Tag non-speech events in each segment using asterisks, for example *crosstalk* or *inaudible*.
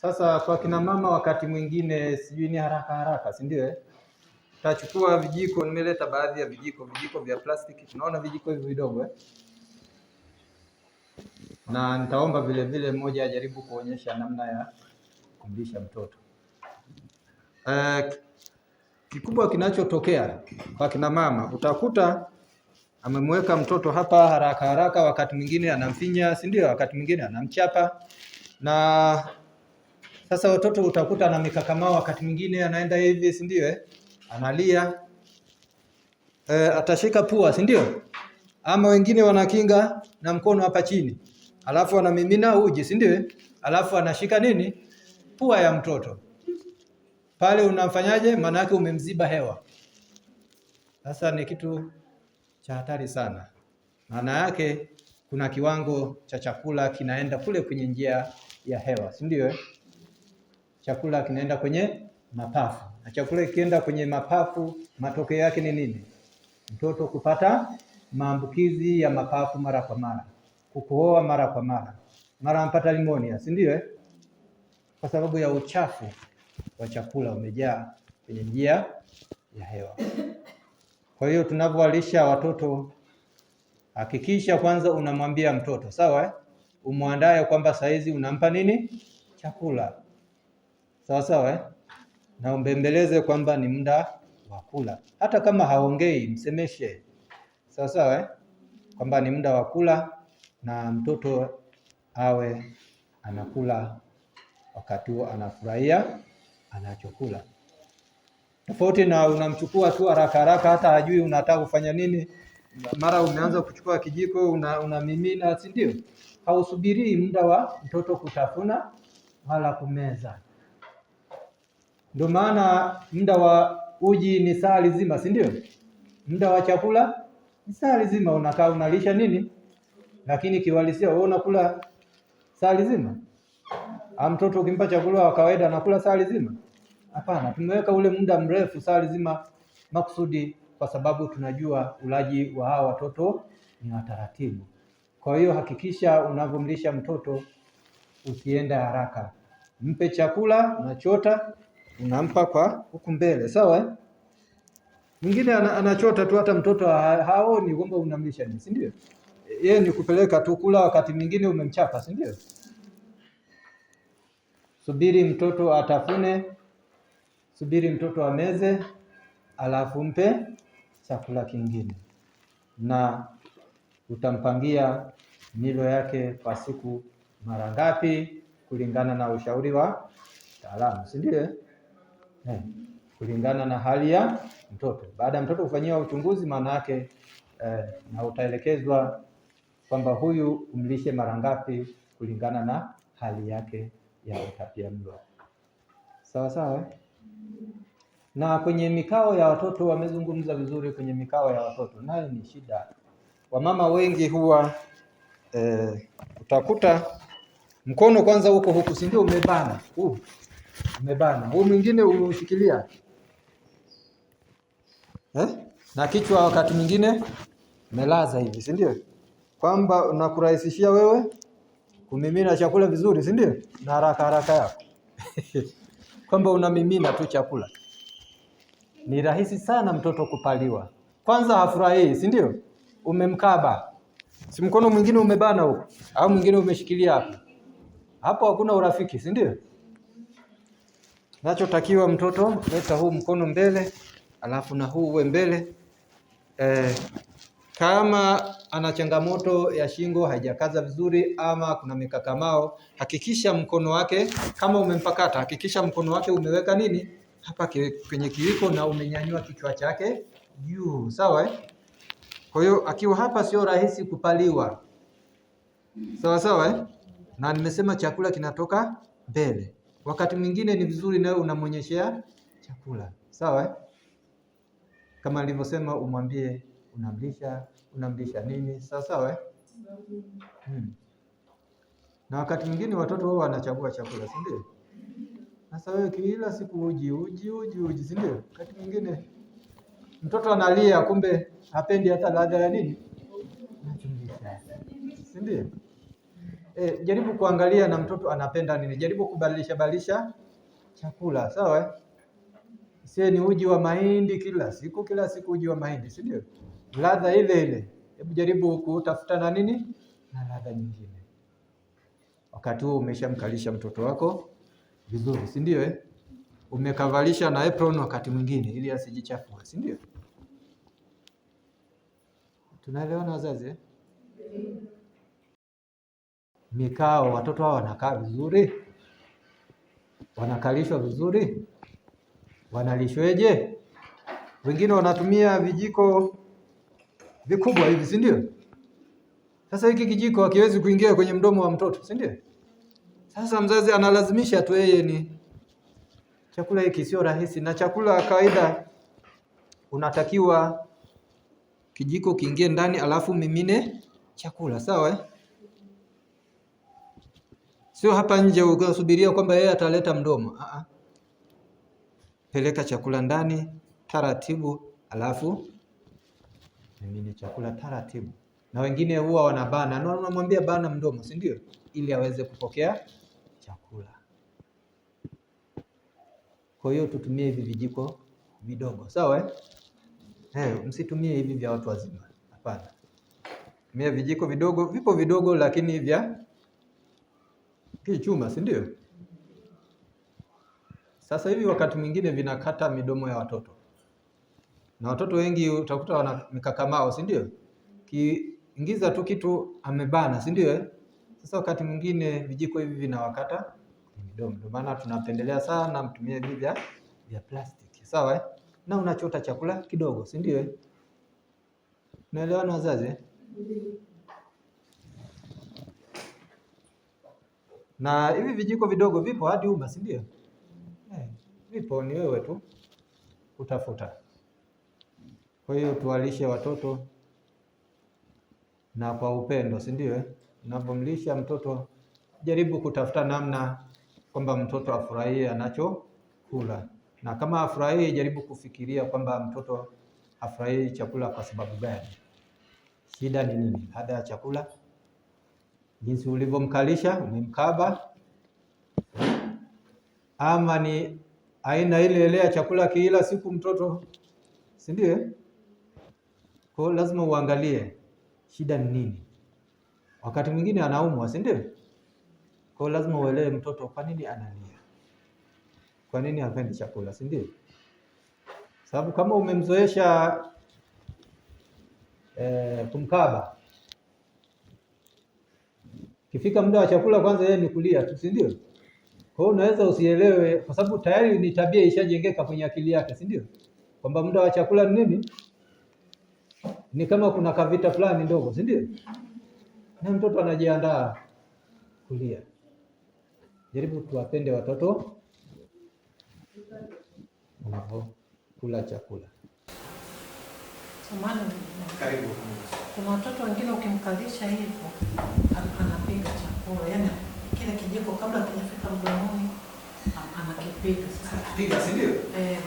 Sasa kwa kina mama, wakati mwingine sijui ni haraka haraka, si ndio? Eh, tachukua vijiko, nimeleta baadhi ya vijiko, vijiko vya plastiki, tunaona vijiko hivi vidogo eh? na nitaomba vile vile mmoja ajaribu kuonyesha namna ya kumlisha mtoto eh, kikubwa kinachotokea kwa kina mama utakuta amemweka mtoto hapa haraka haraka, wakati mwingine anamfinya, si ndio? Wakati mwingine anamchapa na sasa watoto utakuta na mikakamaa, wakati mwingine anaenda hivi, si ndio? Eh, analia e, atashika pua, si ndio? Ama wengine wanakinga na mkono hapa chini, alafu anamimina uji, si ndio? Eh? Alafu anashika nini? Pua ya mtoto pale, unamfanyaje? Maana yake umemziba hewa. Sasa ni kitu cha hatari sana, maana yake kuna kiwango cha chakula kinaenda kule kwenye njia ya hewa, si ndio? Eh? chakula kinaenda kwenye mapafu, na chakula ikienda kwenye mapafu, matokeo yake ni nini? Mtoto kupata maambukizi ya mapafu mara kwa mara, kukohoa mara kwa mara, mara anapata limonia, si ndio? Eh? Kwa sababu ya uchafu wa chakula umejaa kwenye njia ya hewa. Kwa hiyo tunavyowalisha watoto, hakikisha kwanza unamwambia mtoto sawa, eh? Umwandae kwamba saizi unampa nini chakula sawa sawa eh? na umbembeleze kwamba ni muda wa kula, hata kama haongei msemeshe, sawa sawa eh? kwamba ni muda wa kula na mtoto awe anakula wakati huo, anafurahia anachokula, tofauti na unamchukua tu haraka haraka, hata hajui unataka kufanya nini. Mara umeanza kuchukua kijiko unamimina, una si ndio? Hausubirii muda wa mtoto kutafuna wala kumeza. Ndio maana muda wa uji ni saa nzima, si ndio? Muda wa chakula ni saa nzima, unakaa unalisha nini, lakini kiwalisia wewe unakula saa nzima. A, mtoto ukimpa chakula wa kawaida anakula saa nzima? Hapana, tumeweka ule muda mrefu saa nzima makusudi, kwa sababu tunajua ulaji wa hawa watoto ni wa taratibu. Kwa hiyo hakikisha unavyomlisha mtoto, usiende haraka, mpe chakula unachota unampa kwa huku mbele, sawa. Eh? Mwingine anachota tu, hata mtoto haoni kwamba unamlisha nini, si ndio? Yeye ni kupeleka tu kula, wakati mwingine umemchapa, si ndio? Subiri mtoto atafune, subiri mtoto ameze, alafu mpe chakula kingine, na utampangia milo yake kwa siku mara ngapi, kulingana na ushauri wa taalamu, si ndio? Eh? eh, kulingana na hali ya mtoto. Baada ya mtoto kufanyiwa uchunguzi, maana yake eh, na utaelekezwa kwamba huyu umlishe mara ngapi kulingana na hali yake ya utapiamlo. Sawa sawa. Eh? Na kwenye mikao ya watoto wamezungumza vizuri. Kwenye mikao ya watoto nayo ni shida, wamama wengi huwa eh, utakuta mkono kwanza huko huku, si ndio? Umebana uh umebana, huu mwingine umeushikilia eh? na kichwa wakati mwingine melaza hivi, si ndio? Kwamba nakurahisishia wewe kumimina chakula vizuri, si ndio? na haraka haraka yako *laughs* kwamba unamimina tu chakula. Ni rahisi sana mtoto kupaliwa, kwanza hafurahii, si ndio? Umemkaba, si mkono mwingine umebana huko, au mwingine umeshikilia hapo, hapo hakuna urafiki, si ndio? Nachotakiwa mtoto, leta huu mkono mbele, alafu na huu uwe mbele eh. Kama ana changamoto ya shingo haijakaza vizuri ama kuna mikakamao, hakikisha mkono wake kama umempakata, hakikisha mkono wake umeweka nini hapa kwenye kiwiko na umenyanyua kichwa chake juu, sawa eh? Kwa hiyo akiwa hapa sio rahisi kupaliwa, sawa sawa eh? Na nimesema chakula kinatoka mbele. Wakati mwingine ni vizuri nawe unamwonyeshea chakula, sawa. Eh? Kama alivyosema umwambie unamlisha unamlisha nini, sawa sawa. Eh? Hmm. Na wakati mwingine watoto wao wanachagua chakula, si ndio? Sasa wewe kila siku uji uji uji uji, si ndio? Wakati mwingine mtoto analia, kumbe hapendi hata ladha ya nini, si ndio? e, jaribu kuangalia na mtoto anapenda nini, jaribu kubadilisha badilisha chakula sawa. Eh? Sie ni uji wa mahindi kila siku kila siku uji wa mahindi, si ndio? Ladha ile ile, hebu jaribu kutafuta na nini na ladha nyingine. Wakati huo umeshamkalisha mtoto wako vizuri, si ndio eh? Umekavalisha na apron wakati mwingine, ili asijichafue, si ndio? Tunaelewana wazazi eh? mikao, watoto hao wanakaa vizuri, wanakalishwa vizuri, wanalishweje? Wengine wanatumia vijiko vikubwa hivi, si ndio? Sasa hiki kijiko hakiwezi kuingia kwenye mdomo wa mtoto, si ndio? Sasa mzazi analazimisha tu yeye ni chakula hiki sio rahisi, na chakula kawaida unatakiwa kijiko kiingie ndani, alafu mimine chakula, sawa? Eh? sio hapa nje ukasubiria kwamba yeye ataleta mdomo. Aa, ah, ah. peleka chakula ndani taratibu, alafu mimini chakula taratibu. Na wengine huwa wanabana na wanamwambia bana mdomo, si ndio, ili aweze kupokea chakula. Kwa hiyo tutumie hivi vijiko vidogo, sawa eh? Hey, eh, msitumie hivi vya watu wazima, hapana. Tumia vijiko vidogo, vipo vidogo lakini vya hii chuma, si ndio? Sasa hivi wakati mwingine vinakata midomo ya watoto, na watoto wengi utakuta wana mikakamao, si ndio? Kiingiza tu kitu amebana, si ndio? Eh? Sasa wakati mwingine vijiko hivi vinawakata midomo, ndio maana tunapendelea sana mtumie hivi vya plastiki, sawa eh? Na unachota chakula kidogo, si ndio? Eh? Naelewana wazazi eh? na hivi vijiko vidogo vipo hadi Uba, si ndio? Eh, vipo, ni wewe tu utafuta. Kwa hiyo tuwalishe watoto na kwa upendo, si ndio? Eh? Unapomlisha mtoto, jaribu kutafuta namna kwamba mtoto afurahie anachokula, na kama afurahii, jaribu kufikiria kwamba mtoto afurahii chakula kwa sababu gani? Shida ni nini? Hada ya chakula jinsi ulivyomkalisha umemkaba ama ni aina ile ile ya chakula kiila siku mtoto, si ndio? Kwa lazima uangalie shida ni nini. Wakati mwingine anaumwa, si ndio? Kwa lazima uelewe mtoto kwa nini analia, kwa nini hapendi chakula, si ndio? Sababu kama umemzoesha eh, kumkaba Kifika muda wa chakula kwanza yeye ni kulia tu, si ndio? Kwa hiyo unaweza usielewe kwa sababu tayari ni tabia ishajengeka kwenye akili yake, si ndio? Kwamba muda wa chakula ni nini? Ni kama kuna kavita fulani ndogo, si ndio? Na mtoto anajiandaa kulia. Jaribu tuwapende watoto kula chakula. Samahani, karibu. Kuna watoto wengine ukimkalisha hivyo anapiga chakula, yaani kile kijiko kabla kijafika mdomoni anakipiga. Anakipiga, si ndio? Eh.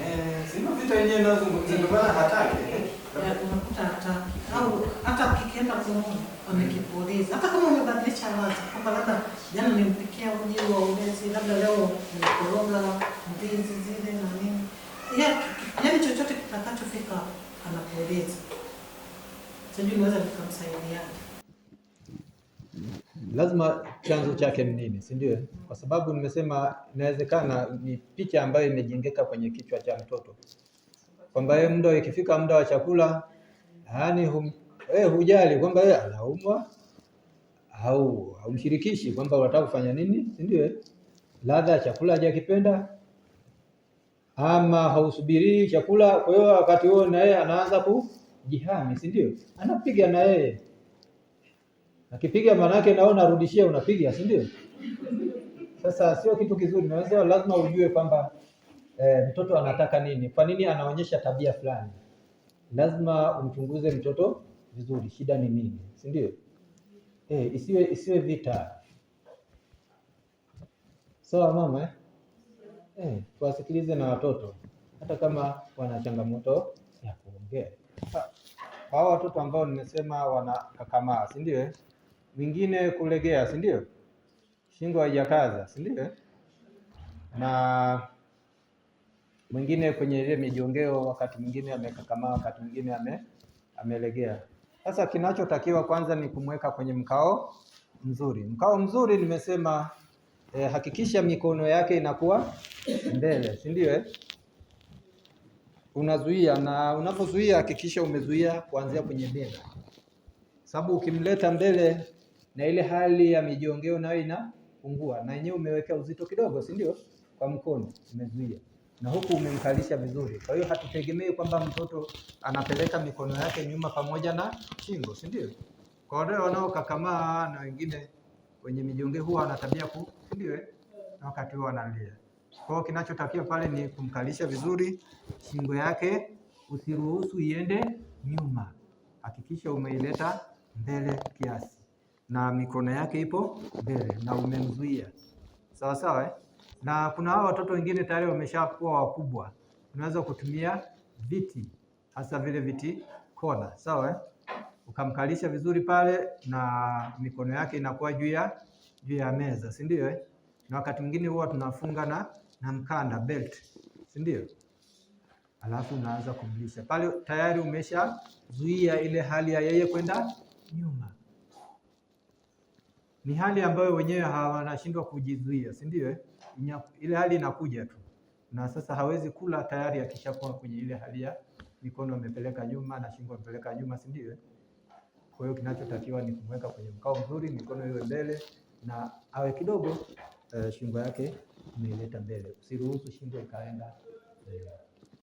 eh Sema vita yenyewe nazungumzia, ndio maana hataki. Eh? Eh, unakuta hataki au hata kikienda kumuni amekipuliza, hata kama umebadilisha ladha, kwamba labda jana nimpikia uji wa ulezi, labda leo nimekoroga ndizi zile na nini, yaani chochote kitakachofika anakueleza, sijui unaweza nikamsaidiaje. Lazima chanzo chake ni nini, si ndio? Kwa sababu nimesema inawezekana ni picha ambayo imejengeka kwenye kichwa cha mtoto kwamba yeye muda ikifika muda wa chakula yani hum, eh, hujali kwamba yeye anaumwa au haumshirikishi kwamba unataka kufanya nini, si ndio? Ladha ya chakula hajakipenda ama hausubirii chakula. Kwa hiyo wakati huo na yeye anaanza kujihami, si ndio? Anapiga na yeye akipiga, manake nao narudishia, unapiga, si ndio? Sasa sio kitu kizuri, naweza lazima ujue kwamba eh, mtoto anataka nini, kwa nini anaonyesha tabia fulani. Lazima umchunguze mtoto vizuri, shida ni nini, si ndio? Eh, isiwe isiwe vita. Sawa mama eh? eh, tuwasikilize na watoto hata kama wana changamoto ya kuongea. Hao watoto ambao nimesema wanakakamaa, si ndio? Eh? Wengine kulegea, si ndio? Shingo haijakaza, si ndio? Eh? Na mwingine kwenye ile mijongeo, wakati mwingine amekakamaa, wakati mwingine ame, amelegea. Sasa kinachotakiwa kwanza ni kumweka kwenye mkao mzuri. Mkao mzuri nimesema eh, hakikisha mikono yake inakuwa mbele, si ndio eh? Unazuia, na unapozuia hakikisha umezuia kuanzia kwenye bega, sababu ukimleta mbele na ile hali ya mijongeo nayo inapungua, na yenyewe umewekea uzito kidogo, si ndio? Kwa mkono umezuia na huku umemkalisha vizuri. Kwa hiyo hatutegemei kwamba mtoto anapeleka mikono yake nyuma pamoja na shingo, si ndio? Kwa wale wanaokakamaa na wengine wenye mijongeo huwa wanatabia ku, si ndio? Eh? Na wakati huo wanalia. Kwa hiyo kinachotakiwa pale ni kumkalisha vizuri shingo yake, usiruhusu iende nyuma, hakikisha umeileta mbele kiasi na mikono yake ipo mbele na umemzuia sawa sawa, eh? Na kuna hao watoto wengine tayari wameshakuwa wakubwa, unaweza kutumia viti hasa vile viti kona, sawa eh? Ukamkalisha vizuri pale na mikono yake inakuwa juu ya juu ya meza, si ndio eh? na wakati mwingine huwa tunafunga na, na mkanda belt, si ndio? Alafu unaanza kumlisha pale, tayari umeshazuia ile hali ya yeye kwenda nyuma. Ni hali ambayo wenyewe hawanashindwa kujizuia, si ndio? Eh? Ile hali inakuja tu, na sasa hawezi kula, tayari akishakuwa kwenye ile hali ya mikono amepeleka nyuma na shingo amepeleka nyuma, si ndio? Eh? Kwa hiyo kinachotakiwa ni kumweka kwenye mkao mzuri, mikono iwe mbele na awe kidogo uh, shingo yake umeileta mbele. Usiruhusu shingo ikaenda mbele. Eh,